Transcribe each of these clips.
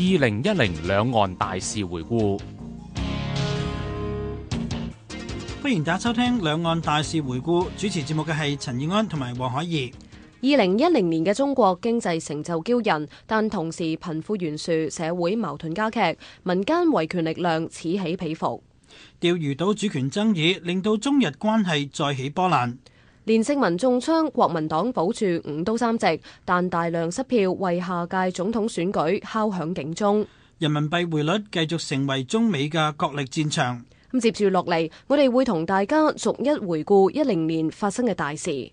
二零一零兩岸大事回顧，歡迎打收聽《兩岸大事回顧》。主持節目嘅係陳意安同埋黃海怡。二零一零年嘅中國經濟成就驕人，但同時貧富懸殊、社會矛盾加劇、民間維權力量此起彼伏，釣魚島主權爭議令到中日關係再起波瀾。連勝文中槍，國民黨保住五都三席，但大量失票為下屆總統選舉敲響警鐘。人民幣匯率繼續成為中美嘅角力戰場。咁接住落嚟，我哋會同大家逐一回顧一零年發生嘅大事。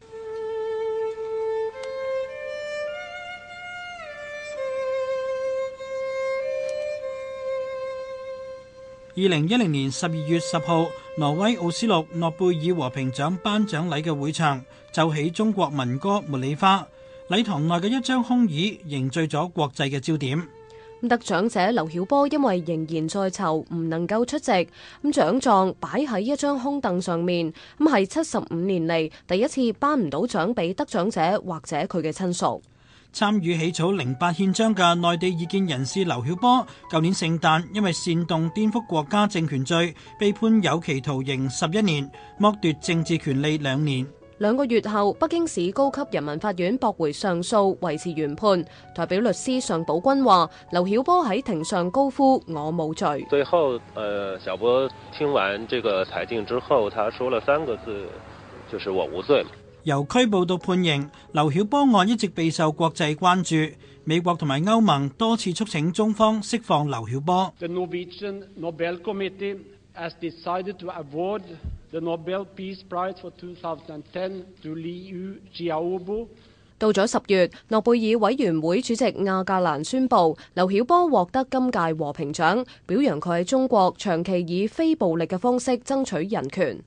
二零一零年十二月十號，挪威奧斯陸諾貝爾和平獎頒獎禮嘅會場奏起中國民歌《茉莉花》，禮堂內嘅一張空椅凝聚咗國際嘅焦點。得獎者劉曉波因為仍然在囚，唔能夠出席。咁獎狀擺喺一張空凳上面，咁係七十五年嚟第一次頒唔到獎俾得獎者或者佢嘅親屬。參與起草《零八憲章》嘅內地異見人士劉曉波，舊年聖誕因為煽動顛覆國家政權罪被判有期徒刑十一年，剝奪政治權利兩年。兩個月後，北京市高級人民法院駁回上訴，維持原判。代表律師尚寶君話：劉曉波喺庭上高呼：我無罪。最後，呃，曉波聽完這個裁定之後，他說了三個字，就是我無罪。由拘捕到判刑，劉曉波案一直備受國際關注。美國同埋歐盟多次促請中方釋放劉曉波。到咗十月，諾貝爾委員會主席亞格蘭宣布，劉曉波獲得今屆和平獎，表揚佢喺中國長期以非暴力嘅方式爭取人權。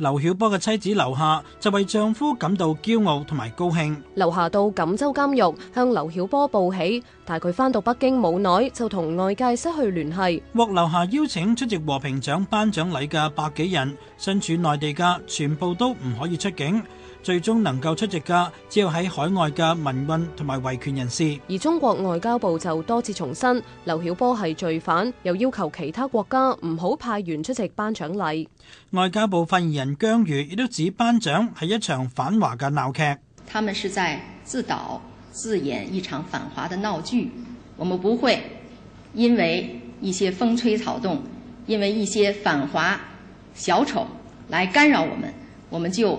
劉曉波嘅妻子劉霞就為丈夫感到驕傲同埋高興。劉霞到錦州監獄向劉曉波報喜，但佢翻到北京冇耐就同外界失去聯繫。獲劉霞邀請出席和平獎頒獎禮嘅百幾人，身處內地嘅全部都唔可以出境。最終能夠出席嘅只有喺海外嘅民運同埋維權人士。而中國外交部就多次重申，劉曉波係罪犯，又要求其他國家唔好派員出席頒獎禮。外交部發言人姜瑜亦都指，頒獎係一場反華嘅鬧劇。他們是在自導自演一場反華嘅鬧劇。我們不會因為一些風吹草動，因為一些反華小丑來干擾我們，我們就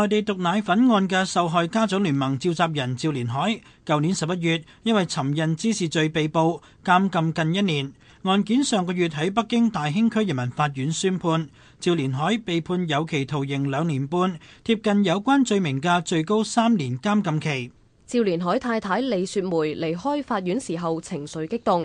內地毒奶粉案嘅受害家長聯盟召集人趙連海，舊年十一月因為尋釁滋事罪被捕，監禁近一年。案件上個月喺北京大興區人民法院宣判，趙連海被判有期徒刑兩年半，貼近有關罪名嘅最高三年監禁期。趙連海太太李雪梅離開法院時候情緒激動。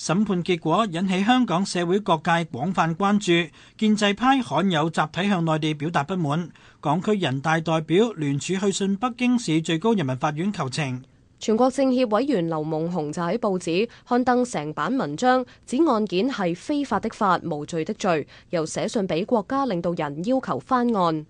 審判結果引起香港社會各界廣泛關注，建制派罕有集體向內地表達不滿。港區人大代表聯署去信北京市最高人民法院求情，全國政協委員劉夢熊就喺報紙刊登成版文章，指案件係非法的法、無罪的罪，又寫信俾國家領導人要求翻案。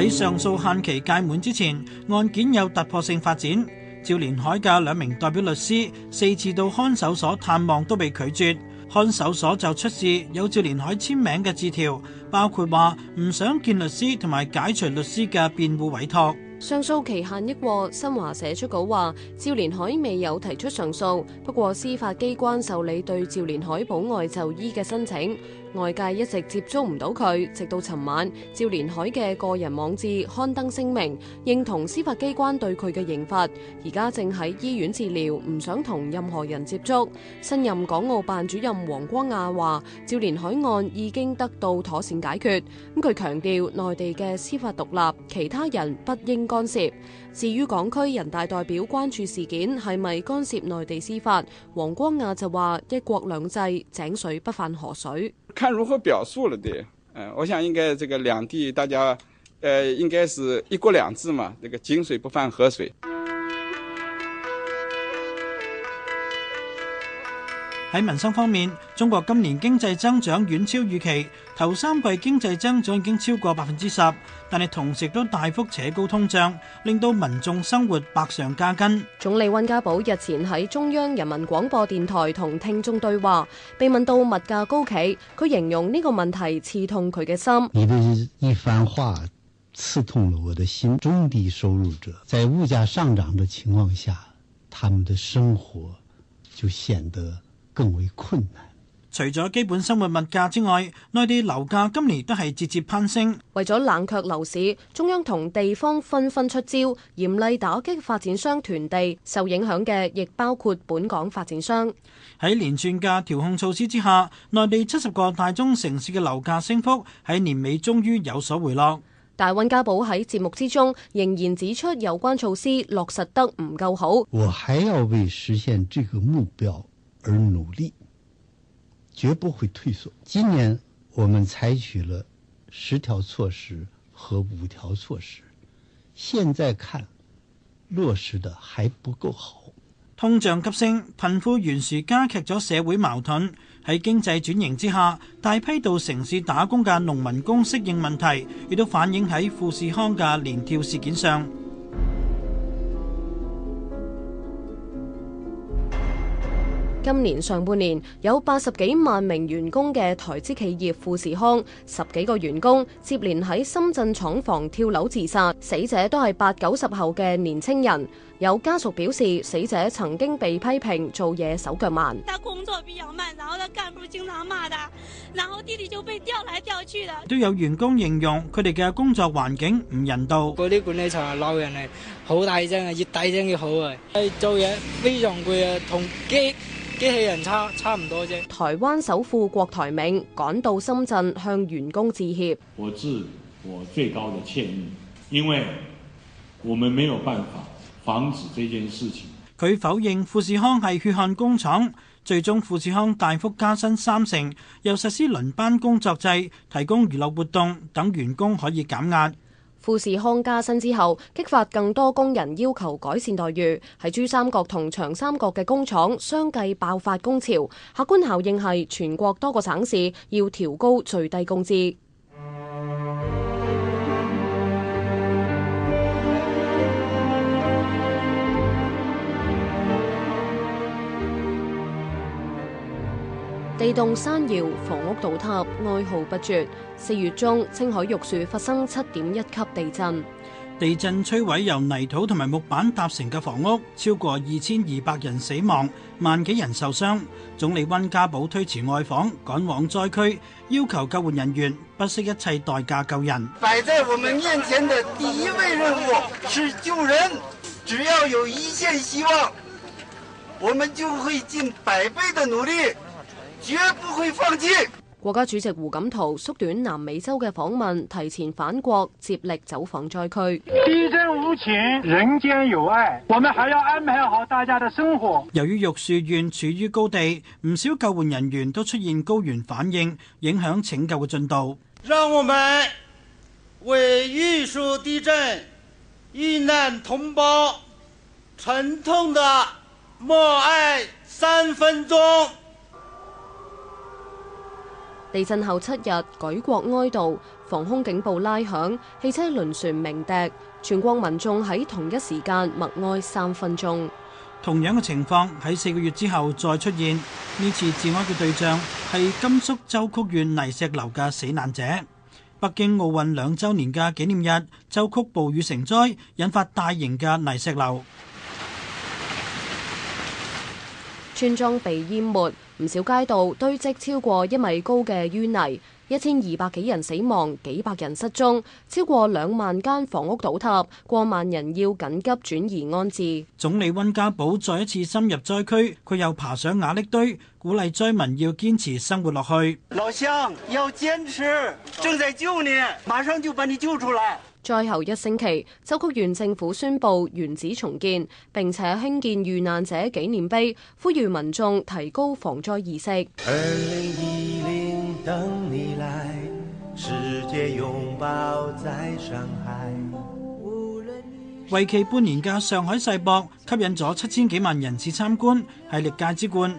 喺上訴限期屆滿之前，案件有突破性發展。趙連海嘅兩名代表律師四次到看守所探望都被拒絕，看守所就出示有趙連海簽名嘅字條，包括話唔想見律師同埋解除律師嘅辯護委託。上訴期限一過，新華社出稿話趙連海未有提出上訴，不過司法機關受理對趙連海保外就醫嘅申請。外界一直接觸唔到佢，直到尋晚趙連海嘅個人網誌刊登聲明，認同司法機關對佢嘅刑罰。而家正喺醫院治療，唔想同任何人接觸。新任港澳辦主任王光亞話：趙連海案已經得到妥善解決。咁佢強調，內地嘅司法獨立，其他人不應干涉。至於港區人大代表關注事件係咪干涉內地司法，王光亞就話：一國兩制，井水不犯河水。看如何表述了，對，嗯，我想應該這個兩地大家，呃，應該是一國兩制嘛，這個井水不犯河水。喺民生方面，中國今年經濟增長遠超預期，頭三季經濟增長已經超過百分之十，但係同時都大幅扯高通脹，令到民眾生活百上加斤。總理溫家寶日前喺中央人民廣播電台同聽眾對話，被問到物價高企，佢形容呢個問題刺痛佢嘅心。你的一番話刺痛了我的心。中低收入者在物價上漲的情況下，他們的生活就顯得。更為困難。除咗基本生活物價之外，內地樓價今年都係節節攀升。為咗冷卻樓市，中央同地方紛紛出招，嚴厲打擊發展商囤地。受影響嘅亦包括本港發展商。喺連串價調控措施之下，內地七十個大中城市嘅樓價升幅喺年尾終於有所回落。但溫家寶喺節目之中仍然指出，有關措施落實得唔夠好。我還要為實現這個目標。而努力，絕不會退縮。今年我們採取了十條措施和五條措施，現在看落實得還不夠好。通脹急升，貧富懸殊加劇咗社會矛盾。喺經濟轉型之下，大批到城市打工嘅農民工適應問題，亦都反映喺富士康嘅連跳事件上。今年上半年有八十幾萬名員工嘅台資企業富士康，十幾個員工接連喺深圳廠房跳樓自殺，死者都係八九十後嘅年輕人。有家屬表示，死者曾經被批評做嘢手腳慢。他工作比較慢，然後幹部經常罵他，然後弟弟就被調來調去的。都有員工形容佢哋嘅工作環境唔人道。嗰啲管理層鬧人嚟，好大聲啊，越大聲越好啊。做嘢非常攰啊，機器人差差唔多啫。台灣首富郭台銘趕到深圳向員工致歉。我致我最高的歉意，因為我們沒有辦法防止這件事情。佢否認富士康係血汗工廠。最終，富士康大幅加薪三成，又實施輪班工作制，提供娛樂活動等員工可以減壓。富士康加薪之後，激發更多工人要求改善待遇，喺珠三角同長三角嘅工廠相繼爆發工潮，客觀效應係全國多個省市要調高最低工資。地動山搖，房屋倒塌，哀號不絕。四月中，青海玉樹發生七點一級地震，地震摧毀由泥土同埋木板搭成嘅房屋，超過二千二百人死亡，萬幾人受傷。總理温家寶推遲外訪，趕往災區，要求救援人員不惜一切代價救人。擺在我們面前的第一位任務是救人，只要有一線希望，我們就會盡百倍的努力。絕不會放棄！國家主席胡錦濤縮短南美洲嘅訪問，提前返國，接力走訪災區。地震無情，人間有愛。我們還要安排好大家的生活。由於玉樹縣處於高地，唔少救援人員都出現高原反應，影響拯救嘅進度。讓我們為玉樹地震遇難同胞沉痛的默哀三分鐘。地震後七日，舉國哀悼，防空警報拉響，汽車、輪船鳴笛，全國民眾喺同一時間默哀三分鐘。同樣嘅情況喺四個月之後再出現。呢次致哀嘅對象係甘肅舟曲縣泥石流嘅死難者。北京奧運兩周年嘅紀念日，舟曲暴雨成災，引發大型嘅泥石流。村莊被淹沒，唔少街道堆積超過一米高嘅淤泥，一千二百幾人死亡，幾百人失蹤，超過兩萬間房屋倒塌，過萬人要緊急轉移安置。總理溫家寶再一次深入災區，佢又爬上瓦礫堆，鼓勵災民要堅持生活落去。老鄉，要堅持，正在救你，馬上就把你救出來。災後一星期，舟曲縣政府宣布原址重建並且興建遇難者紀念碑，呼籲民眾提高防災意識。二零一零等你來，世界擁抱在上海。為期半年嘅上海世博吸引咗七千幾萬人次參觀，係歷屆之冠。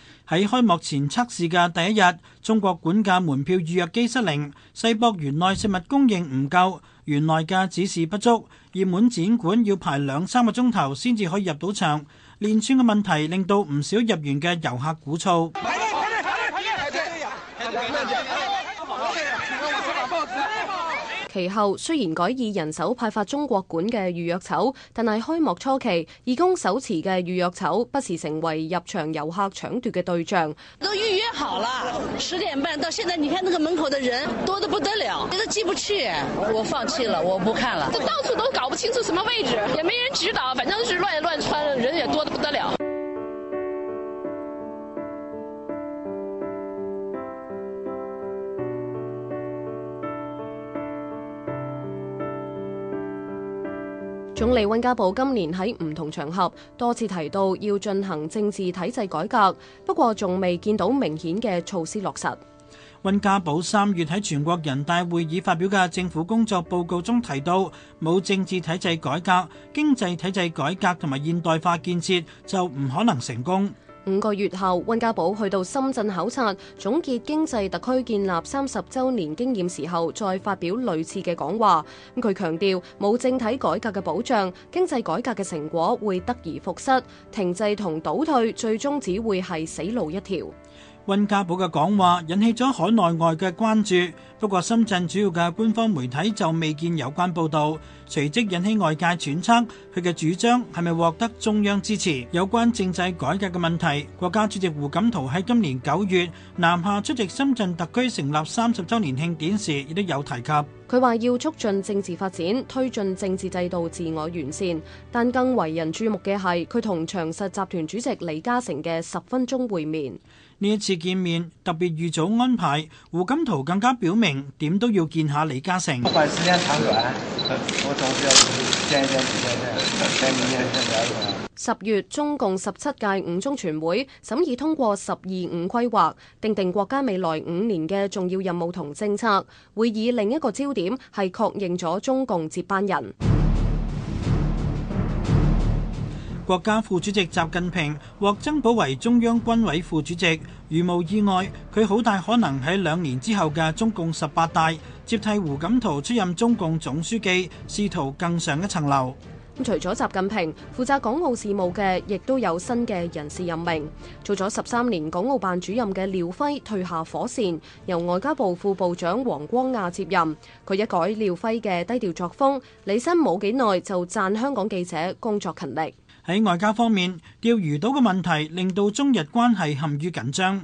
喺開幕前測試嘅第一日，中國館嘅門票預約機失靈，世博園內食物供應唔夠，園內嘅指示不足，熱門展館要排兩三個鐘頭先至可以入到場，連串嘅問題令到唔少入園嘅遊客鼓噪。其後雖然改以人手派發中國館嘅預約籌，但係開幕初期義工手持嘅預約籌不時成為入場遊客搶奪嘅對象。都預約好啦，十點半到現在，你看那個門口的人多得不得了，你都進不去，我放棄了，我不看了。這到處都搞不清楚什麼位置，也沒人指導，反正是亂亂穿，人也多得不得了。總理溫家寶今年喺唔同場合多次提到要進行政治體制改革，不過仲未見到明顯嘅措施落實。溫家寶三月喺全國人大會議發表嘅政府工作報告中提到，冇政治體制改革、經濟體制改革同埋現代化建設就唔可能成功。五個月後，温家寶去到深圳考察，總結經濟特區建立三十週年經驗時候，再發表類似嘅講話。佢強調，冇政體改革嘅保障，經濟改革嘅成果會得而復失，停滯同倒退最終只會係死路一條。温家寶嘅講話引起咗海內外嘅關注，不過深圳主要嘅官方媒體就未見有關報導，隨即引起外界揣測佢嘅主張係咪獲得中央支持有關政制改革嘅問題。國家主席胡錦濤喺今年九月南下出席深圳特區成立三十周年慶典時，亦都有提及，佢話要促進政治發展，推進政治制度自我完善。但更為人注目嘅係佢同長實集團主席李嘉誠嘅十分鐘會面。呢一次見面特別預早安排，胡錦濤更加表明點都要見下李嘉誠。十月，中共十七屆五中全會審議通過「十二五」規劃，訂定國家未來五年嘅重要任務同政策。會議另一個焦點係確認咗中共接班人。國家副主席習近平獲增補為中央軍委副主席，如無意外，佢好大可能喺兩年之後嘅中共十八大接替胡錦濤出任中共總書記，試圖更上一層樓。咁除咗習近平負責港澳事務嘅，亦都有新嘅人事任命。做咗十三年港澳辦主任嘅廖輝退下火線，由外交部副部長黃光亞接任。佢一改廖輝嘅低調作風，履新冇幾耐就讚香港記者工作勤力。喺外交方面，釣魚島嘅問題令到中日關係陷於緊張。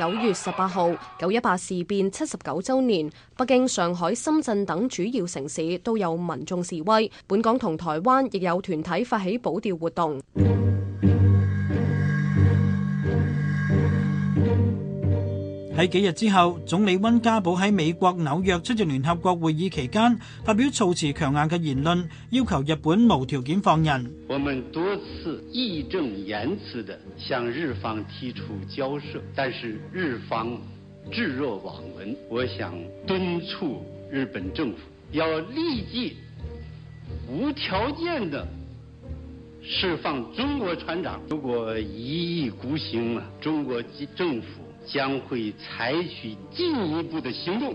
九月十八號，九一八事變七十九週年，北京、上海、深圳等主要城市都有民眾示威，本港同台灣亦有團體發起保釣活動。嗯喺幾日之後，總理溫家寶喺美國紐約出席聯合國會議期間，發表措辭強硬嘅言論，要求日本無條件放人。我們多次義正言辭的向日方提出交涉，但是日方置若罔聞。我想敦促日本政府要立即無條件的釋放中國船長。如果一意孤行啊，中國政府，將會採取進一步的行動。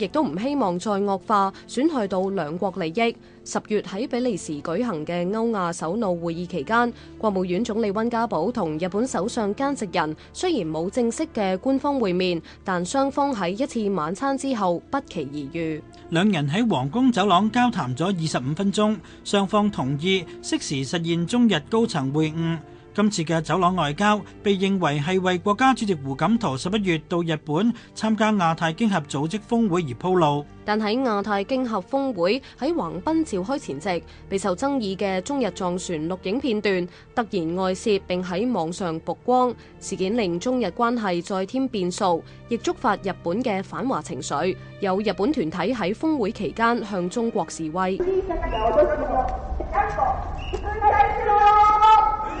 亦都唔希望再惡化，損害到兩國利益。十月喺比利時舉行嘅歐亞首腦會議期間，國務院總理温家寶同日本首相菅直人雖然冇正式嘅官方會面，但雙方喺一次晚餐之後不期而遇，兩人喺皇宮走廊交談咗二十五分鐘，雙方同意適時實現中日高層會晤。今次嘅走廊外交被認為係為國家主席胡錦濤十一月到日本參加亞太經合組織峰會而鋪路。但喺亞太經合峰會喺橫濱召開前夕，備受爭議嘅中日撞船錄影片段突然外泄並喺網上曝光，事件令中日關係再添變數，亦觸發日本嘅反華情緒。有日本團體喺峰會期間向中國示威。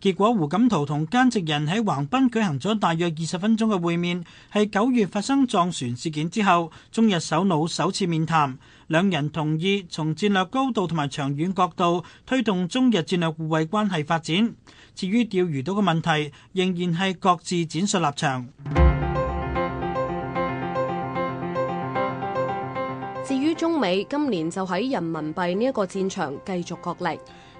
結果胡錦濤同菅直人喺橫濱舉行咗大約二十分鐘嘅會面，係九月發生撞船事件之後中日首腦首次面談。兩人同意從戰略高度同埋長遠角度推動中日戰略互惠關係發展。至於釣魚島嘅問題，仍然係各自展述立場。至於中美今年就喺人民幣呢一個戰場繼續角力。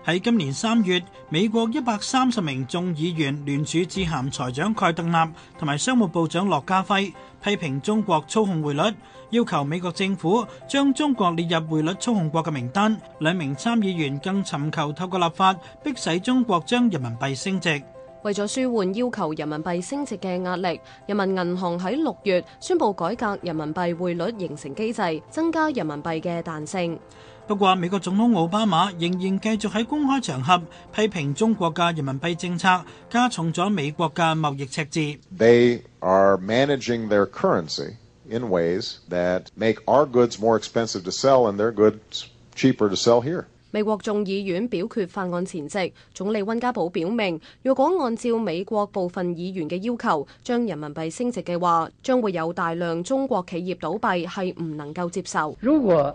喺今年三月，美國一百三十名眾議員聯署致函財長蓋特納同埋商務部長駱家輝，批評中國操控匯率，要求美國政府將中國列入匯率操控國嘅名單。兩名參議員更尋求透過立法逼使中國將人民幣升值。為咗舒緩要求人民幣升值嘅壓力，人民銀行喺六月宣布改革人民幣匯率形成機制，增加人民幣嘅彈性。不過，美國總統奧巴馬仍然繼續喺公開場合批評中國嘅人民幣政策，加重咗美國嘅貿易赤字。They are managing their currency in ways that make our goods more expensive to sell and their goods cheaper to sell here. 美國眾議院表決法案前夕，總理温家寶表明，若果按照美國部分議員嘅要求，將人民幣升值嘅話，將會有大量中國企業倒閉，係唔能夠接受。如果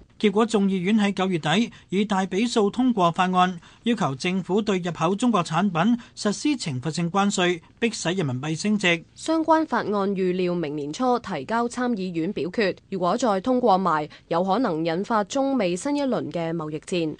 結果眾議院喺九月底以大比數通過法案，要求政府對入口中國產品實施懲罰性關稅，迫使人民幣升值。相關法案預料明年初提交參議院表決，如果再通過埋，有可能引發中美新一輪嘅貿易戰。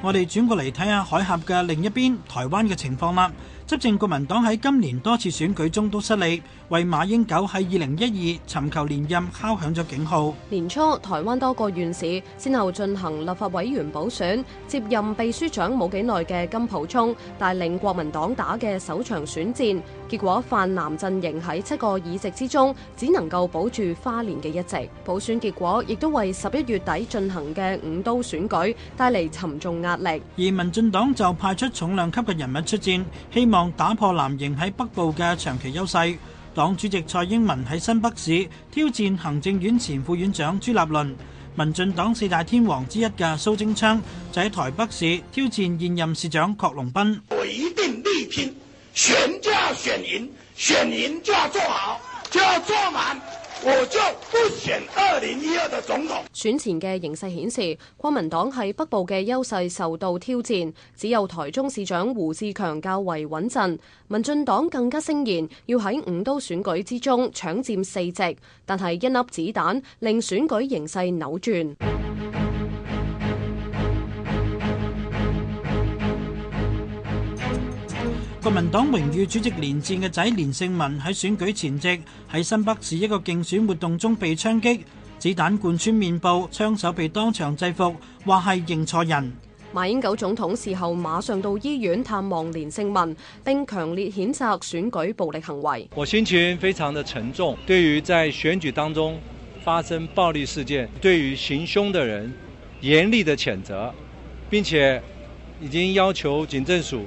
我哋轉過嚟睇下海峽嘅另一邊，台灣嘅情況啦。執政國民黨喺今年多次選舉中都失利，為馬英九喺二零一二尋求連任敲響咗警號。年初台灣多個縣市先後進行立法委員補選，接任秘書長冇幾耐嘅金溥聰帶領國民黨打嘅首場選戰，結果泛藍陣營喺七個議席之中只能夠保住花蓮嘅一席。補選結果亦都為十一月底進行嘅五都選舉帶嚟沉重壓力。而民進黨就派出重量級嘅人物出戰，希望打破藍營喺北部嘅長期優勢。黨主席蔡英文喺新北市挑戰行政院前副院長朱立倫，民進黨四大天王之一嘅蘇貞昌就喺台北市挑戰現任市長郝龍斌。我一定力拼，全家選就要選贏，選贏就要做好，就要做滿。我就不選二零一二的總統。選前嘅形勢顯示，國民黨喺北部嘅優勢受到挑戰，只有台中市長胡志強較為穩陣。民進黨更加聲言要喺五都選舉之中搶佔四席，但係一粒子彈令選舉形勢扭轉。國民黨榮譽主席連戰嘅仔連勝文喺選舉前夕喺新北市一個競選活動中被槍擊，子彈貫穿面部，槍手被當場制服，話係認錯人。馬英九總統事後馬上到醫院探望連勝文，並強烈譴責選舉暴力行為。我心情非常的沉重，對於在選舉當中發生暴力事件，對於行兇的人嚴厲的譴責，並且已經要求警政署。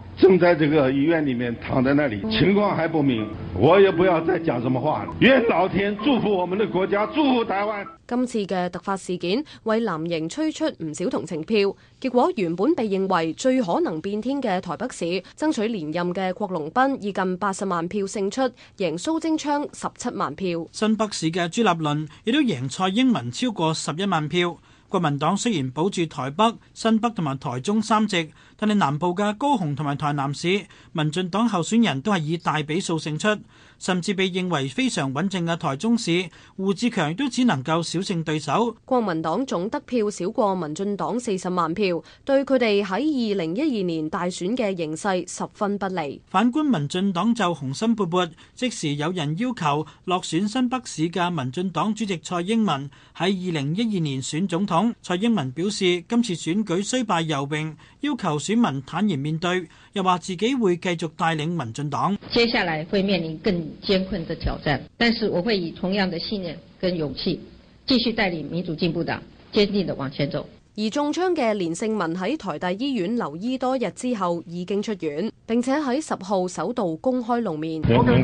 正在這個醫院裏面躺在那裏，情況還不明。我也不要再講什麼話了。願老天祝福我們的國家，祝福台灣。今次嘅突發事件為藍營催出唔少同情票，結果原本被認為最可能變天嘅台北市，爭取連任嘅郝龍斌以近八十萬票勝出，贏蘇貞昌十七萬票。新北市嘅朱立倫亦都贏蔡英文超過十一萬票。國民黨雖然保住台北、新北同埋台中三席，但係南部嘅高雄同埋台南市，民進黨候選人都係以大比數勝出。甚至被認為非常穩陣嘅台中市，胡志強都只能夠小勝對手，國民黨總得票少過民進黨四十萬票，對佢哋喺二零一二年大選嘅形勢十分不利。反觀民進黨就雄心勃勃，即時有人要求落選新北市嘅民進黨主席蔡英文喺二零一二年選總統，蔡英文表示今次選舉雖敗猶榮，要求選民坦然面對。又話自己會繼續帶領民進黨。接下來會面臨更艱困的挑戰，但是我會以同樣的信念跟勇氣，繼續帶領民主進步黨，堅定地往前走。而中槍嘅連勝文喺台大醫院留醫多日之後，已經出院，並且喺十號首度公開露面。能能夠我能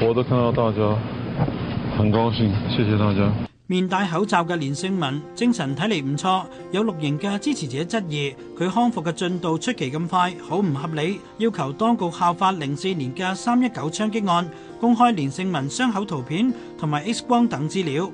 夠活得看到大家，很高興，謝謝大家。面戴口罩嘅連勝文精神睇嚟唔錯，有綠營嘅支持者質疑佢康復嘅進度出奇咁快，好唔合理，要求當局效法零四年嘅三一九槍擊案，公開連勝文傷口圖片同埋 X 光等資料。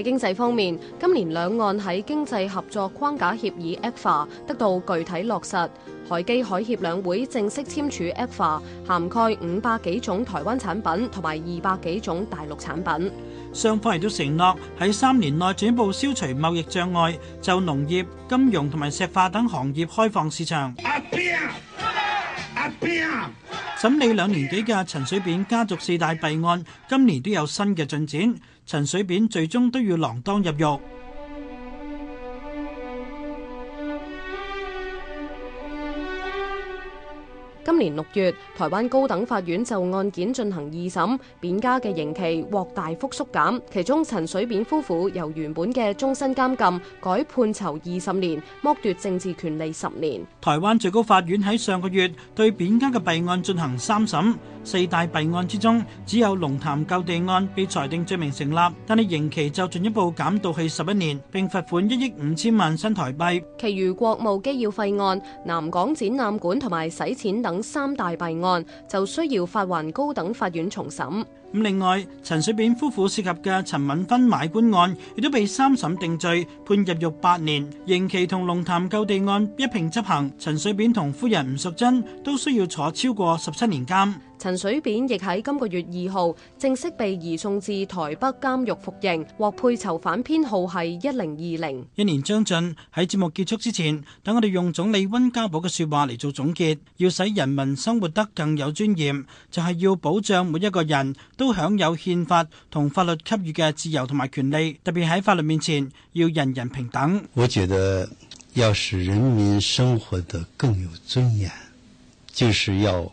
喺經濟方面，今年兩岸喺經濟合作框架協議 ECFA 得到具體落實，海基海協兩會正式簽署 ECFA，涵蓋五百幾種台灣產品同埋二百幾種大陸產品。雙方亦都承諾喺三年內進一步消除貿易障礙，就農業、金融同埋石化等行業開放市場。審、啊啊啊、理兩年幾嘅陳水扁家族四大弊案，今年都有新嘅進展。陳水扁最終都要鋃鐺入獄。今年六月，台灣高等法院就案件進行二審，扁家嘅刑期獲大幅縮減。其中陳水扁夫婦由原本嘅終身監禁改判囚二十年，剝奪政治權利十年。台灣最高法院喺上個月對扁家嘅弊案進行三審，四大弊案之中只有龍潭購地案被裁定罪名成立，但係刑期就進一步減到去十一年，並罰款一億五千萬新台幣。其餘國務機要費案、南港展覽館同埋洗錢等。三大弊案就需要發還高等法院重審。另外，陳水扁夫婦涉及嘅陳敏芬買官案亦都被三審定罪，判入獄八年，刑期同龍潭購地案一併執行。陳水扁同夫人吳淑珍都需要坐超過十七年監。陳水扁亦喺今個月二號正式被移送至台北監獄服刑，獲配囚犯編號係一零二零。一年將盡，喺節目結束之前，等我哋用總理温家寶嘅說話嚟做總結：要使人民生活得更有尊嚴，就係、是、要保障每一個人都享有憲法同法律給予嘅自由同埋權利，特別喺法律面前要人人平等。我覺得要使人民生活得更有尊嚴，就是要。